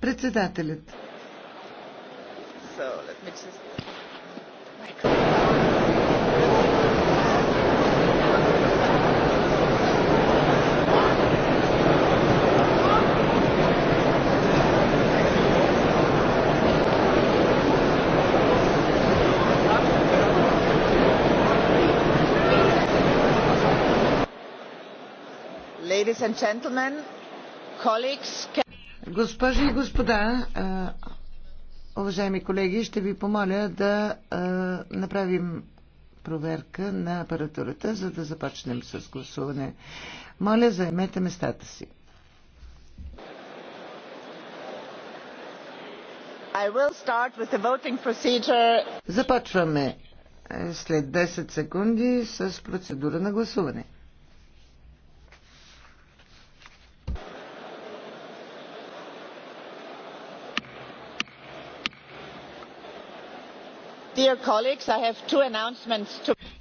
Председателят. Госпожи и господа, уважаеми колеги, ще ви помоля да направим проверка на апаратурата, за да започнем с гласуване. Моля, заемете местата си. Започваме е, след 10 секунди с процедура на гласуване.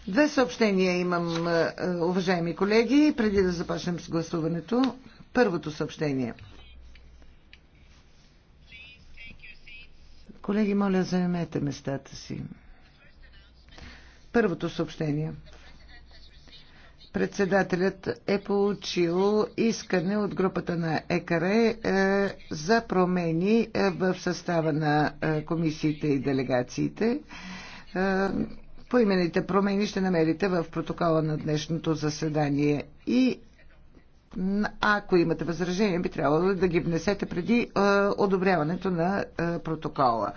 Две съобщения имам, е, уважаеми колеги, преди да започнем с гласуването. Първото съобщение. Колеги, моля, заемете местата си. Първото съобщение председателят е получил искане от групата на ЕКАРЕ за промени е, в състава на е, комисиите и делегациите. Е, Поимените промени ще намерите в протокола на днешното заседание и ако имате възражение, би трябвало да ги внесете преди одобряването на протокола.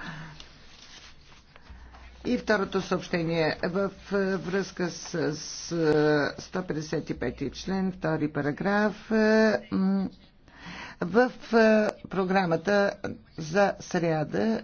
И второто съобщение в е, връзка с, с 155 е, член, втори параграф е, в програмата за сряда